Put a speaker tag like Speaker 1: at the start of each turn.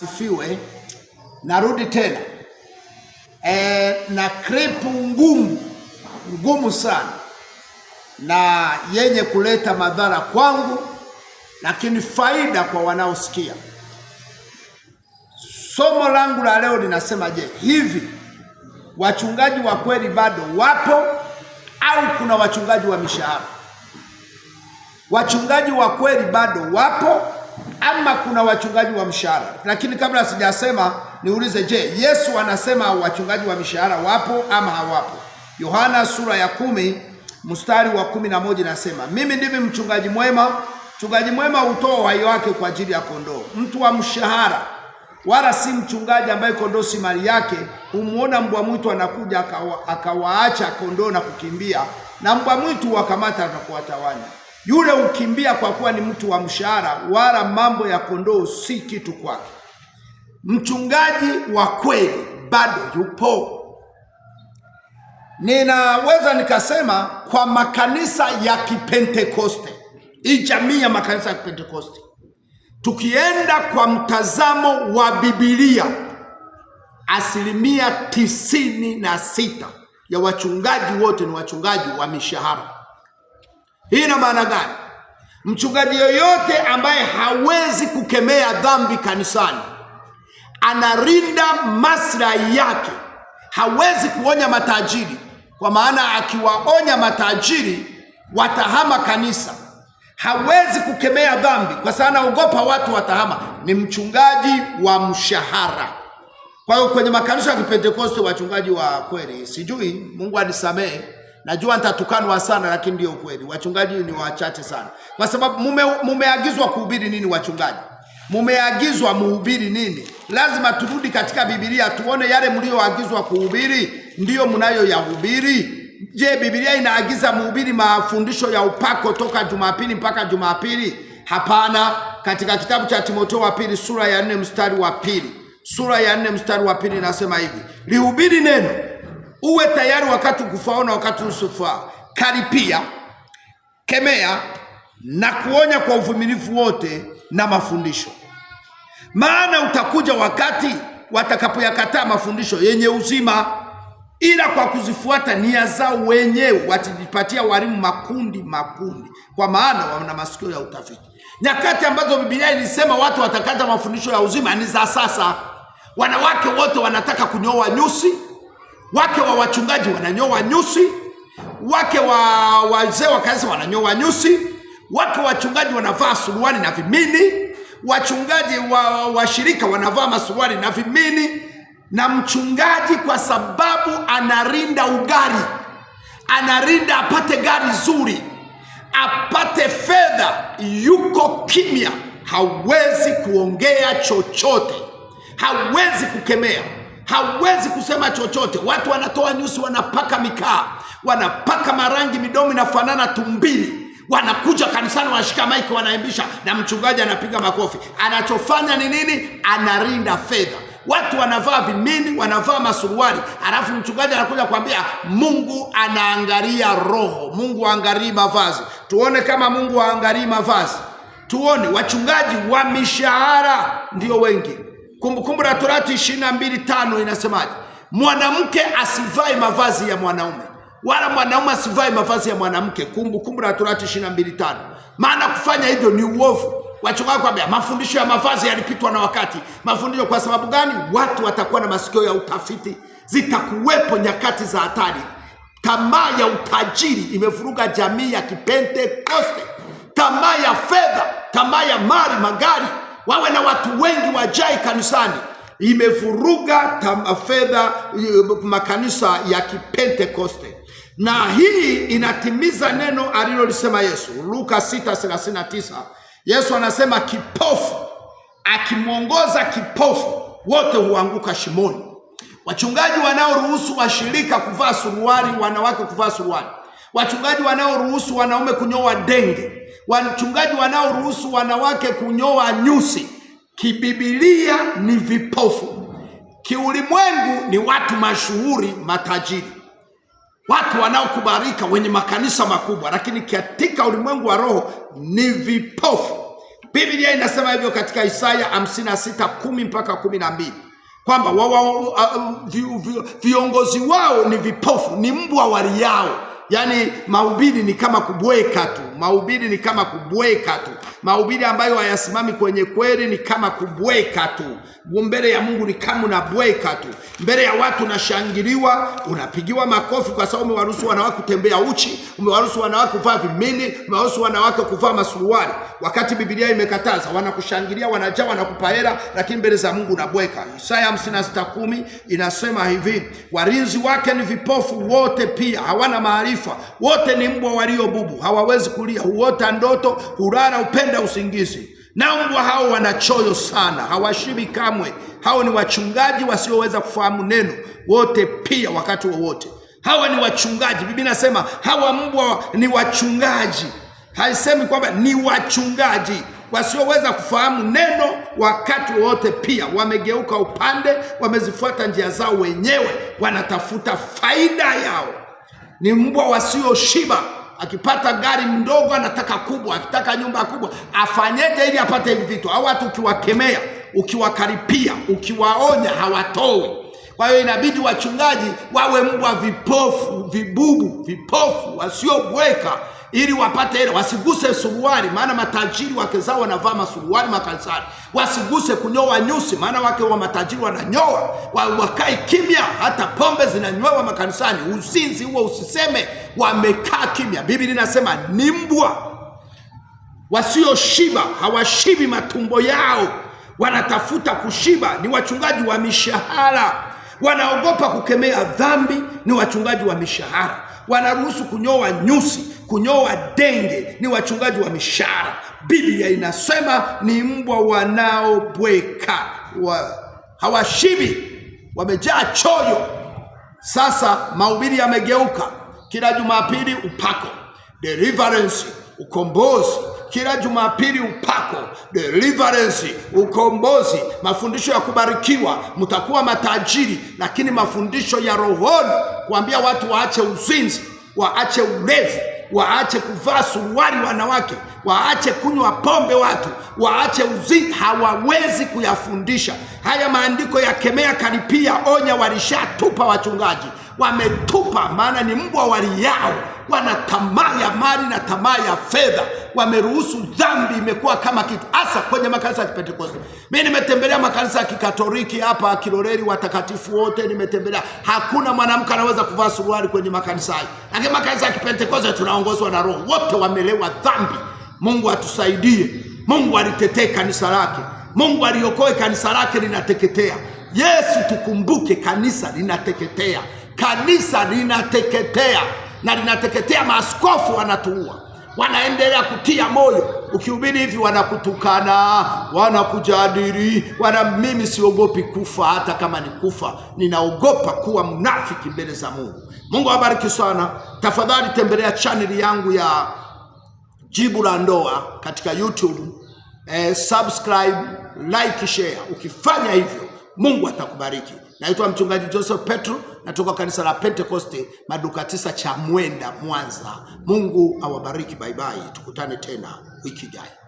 Speaker 1: Sifiwe. Narudi tena e, na kripu ngumu ngumu sana na yenye kuleta madhara kwangu, lakini faida kwa wanaosikia. Somo langu la leo linasema je, hivi wachungaji wa kweli bado wapo au kuna wachungaji wa mishahara? Wachungaji wa kweli bado wapo ama kuna wachungaji wa mshahara. Lakini kabla sijasema, niulize, je, Yesu anasema wachungaji wa mishahara wapo ama hawapo? Yohana sura ya kumi mstari wa kumi na moja inasema, mimi ndimi mchungaji mwema, mchungaji mwema hutoa uhai wake kwa ajili ya kondoo. Mtu wa mshahara wala si mchungaji ambaye kondoo si mali yake, humuona mbwa mwitu anakuja akawaacha kondoo na kukimbia, na mbwa mwitu wakamata na kuwatawanya. Yule hukimbia kwa kuwa ni mtu wa mshahara, wala mambo ya kondoo si kitu kwake. Mchungaji wa kweli bado yupo. Ninaweza nikasema kwa makanisa ya Kipentekoste, hii jamii ya makanisa ya Kipentekoste, tukienda kwa mtazamo wa Biblia, asilimia tisini na sita ya wachungaji wote ni wachungaji wa mishahara. Hii ina maana gani? Mchungaji yoyote ambaye hawezi kukemea dhambi kanisani anarinda maslahi yake. Hawezi kuonya matajiri, kwa maana akiwaonya matajiri watahama kanisa. Hawezi kukemea dhambi, kwa sababu anaogopa watu watahama. Ni mchungaji wa mshahara. Kwa hiyo kwenye makanisa ya Kipentekoste, wachungaji wa kweli, sijui, Mungu anisamehe Najua nitatukanwa sana, lakini ndio kweli, Wachungaji ni wachache sana, kwa sababu mume mumeagizwa kuhubiri nini? Wachungaji mumeagizwa muhubiri nini? Lazima turudi katika Biblia tuone yale mlioagizwa kuhubiri ndiyo mnayoyahubiri. Je, Biblia inaagiza mhubiri mafundisho ya upako toka Jumapili mpaka Jumapili? Hapana. Katika kitabu cha Timotheo wa pili sura ya nne mstari wa pili sura ya nne mstari wa pili inasema hivi, lihubiri neno uwe tayari wakati ukufao na wakati usufaa. Karipia, kemea na kuonya kwa uvumilivu wote na mafundisho, maana utakuja wakati watakapoyakataa mafundisho yenye uzima, ila kwa kuzifuata nia zao wenyewe watajipatia walimu makundi makundi, kwa maana wana masikio ya utafiti. Nyakati ambazo Biblia ilisema watu watakata mafundisho ya uzima ni za sasa. Wanawake wote wanataka kunyoa nyusi wake wa wachungaji wananyoa nyusi, wake wa wazee wa kanisa wananyoa nyusi, wake wa wachungaji wanavaa suruali na vimini, wachungaji wa washirika wanavaa masuruali na vimini, na mchungaji kwa sababu anarinda ugari, anarinda apate gari zuri, apate fedha, yuko kimya, hawezi kuongea chochote, hawezi kukemea hawezi kusema chochote. Watu wanatoa nyusi, wanapaka mikaa, wanapaka marangi, midomo inafanana tumbili wanakuja kanisani wanashika maiki wanaimbisha, na mchungaji anapiga makofi. Anachofanya ni nini? Anarinda fedha. Watu wanavaa vimini, wanavaa masuruali, alafu mchungaji anakuja kuambia Mungu anaangalia roho. Mungu aangalii mavazi. Tuone kama Mungu aangalii mavazi, tuone. Wachungaji wa mishahara ndio wengi, Kumbukumbu la Torati ishirini na mbili tano inasemaje? Mwanamke asivae mavazi ya mwanaume wala mwanaume asivae mavazi ya mwanamke. Kumbukumbu la Torati ishirini na mbili tano. Maana kufanya hivyo ni uovu. Wachungaji mafundisho ya mavazi yalipitwa na wakati. Mafundisho kwa sababu gani? Watu watakuwa na masikio ya utafiti, zitakuwepo nyakati za hatari. Tamaa ya utajiri imevuruga jamii ya Kipentekoste, tamaa ya fedha, tamaa ya mali, magari wawe na watu wengi wajai kanisani. Imevuruga fedha makanisa ya Kipentekoste, na hii inatimiza neno alilolisema Yesu Luka 6:39. Yesu anasema kipofu akimwongoza kipofu wote huanguka shimoni. Wachungaji wanaoruhusu washirika kuvaa suruali, wanawake kuvaa suruali wachungaji wanaoruhusu wanaume kunyoa denge, wachungaji wanaoruhusu wanawake kunyoa nyusi, kibibilia ni vipofu, kiulimwengu ni watu mashuhuri, matajiri, watu wanaokubarika wenye makanisa makubwa, lakini katika ulimwengu wa roho ni vipofu. Biblia inasema hivyo katika Isaya 56:10 mpaka 12 kwamba uh, uh, viongozi wao ni vipofu, ni mbwa waliao Yaani mahubiri ni kama kubweka tu, mahubiri ni kama kubweka tu. Mahubiri ambayo hayasimami kwenye kweli ni kama kubweka tu mbele ya Mungu, ni kama unabweka tu mbele ya watu, unashangiliwa, unapigiwa makofi kwa sababu umewaruhusu wanawake kutembea uchi, umewaruhusu wanawake kuvaa vimini, umewaruhusu wanawake kuvaa masuruali, wakati Biblia imekataza. Wanakushangilia, wanajaa, wanakupa hela, lakini mbele za Mungu unabweka. Isaya 56:10 inasema hivi, walinzi wake ni vipofu wote, pia hawana maarifa, wote ni mbwa walio bubu, hawawezi kulia, huota ndoto, hulala upenda na usingizi. na mbwa hao wana choyo sana, hawashibi kamwe. Hao ni wachungaji wasioweza kufahamu neno, wote pia wakati wowote. Hawa ni wachungaji. Biblia nasema hawa mbwa ni wachungaji, haisemi kwamba ni wachungaji wasioweza kufahamu neno wakati wowote pia. Wamegeuka upande, wamezifuata njia zao wenyewe, wanatafuta faida yao. Ni mbwa wasioshiba akipata gari mdogo anataka kubwa, akitaka nyumba kubwa, afanyeje ili apate hivi vitu? Au watu ukiwakemea, ukiwakaripia, ukiwaonya hawatoi. Kwa hiyo inabidi wachungaji wawe mbwa vipofu, vibubu, vipofu wasiobweka ili wapate hela, wasiguse suruali, maana matajiri wake zao wanavaa masuruali makanisani. Wasiguse kunyoa nyusi, maana wake wa matajiri wananyoa. Wakae kimya, hata pombe zinanywewa makanisani. Uzinzi huo usiseme, wamekaa kimya. Biblia inasema ni mbwa wasioshiba hawashibi matumbo yao, wanatafuta kushiba. Ni wachungaji wa mishahara, wanaogopa kukemea dhambi. Ni wachungaji wa mishahara, wanaruhusu kunyoa nyusi kunyoa denge ni wachungaji wa mishara Biblia inasema ni mbwa wanaobweka wa, hawashibi, wamejaa choyo. Sasa mahubiri yamegeuka kila Jumapili upako deliverance, ukombozi kila Jumapili upako deliverance, ukombozi, mafundisho ya kubarikiwa, mtakuwa matajiri. Lakini mafundisho ya rohoni, kuambia watu waache uzinzi, waache ulevi waache kuvaa suruali wanawake, waache kunywa pombe watu, waache uzinzi. Hawawezi kuyafundisha haya maandiko. Ya kemea karipia, onya, walishatupa wachungaji, wametupa. Maana ni mbwa wali yao, wana tamaa ya mali na tamaa ya fedha wameruhusu dhambi imekuwa kama kitu, hasa kwenye makanisa ya Pentekoste. mi nimetembelea makanisa ya Kikatoliki hapa Kiloleli, watakatifu wote nimetembelea, hakuna mwanamke anaweza kuvaa suruari kwenye makanisa hayo, lakini makanisa ya kipentekoste tunaongozwa na Roho, wote wamelewa dhambi. Mungu atusaidie. Mungu alitetee kanisa lake, Mungu aliokoe kanisa lake linateketea. Yesu, tukumbuke kanisa linateketea, kanisa linateketea na linateketea, maaskofu anatuua wanaendelea kutia moyo. Ukihubiri hivi wanakutukana, wanakujadili, wana mimi siogopi kufa, hata kama ni kufa ninaogopa kuwa mnafiki mbele za Mungu. Mungu awabariki sana. Tafadhali tembelea chaneli yangu ya Jibu la Ndoa katika YouTube. Eh, subscribe, like, share. Ukifanya hivyo Mungu atakubariki. Naitwa mchungaji Joseph Petro natoka kanisa la Pentekoste maduka tisa cha Mwenda Mwanza. Mungu awabariki, baibai, tukutane tena wiki ijayo.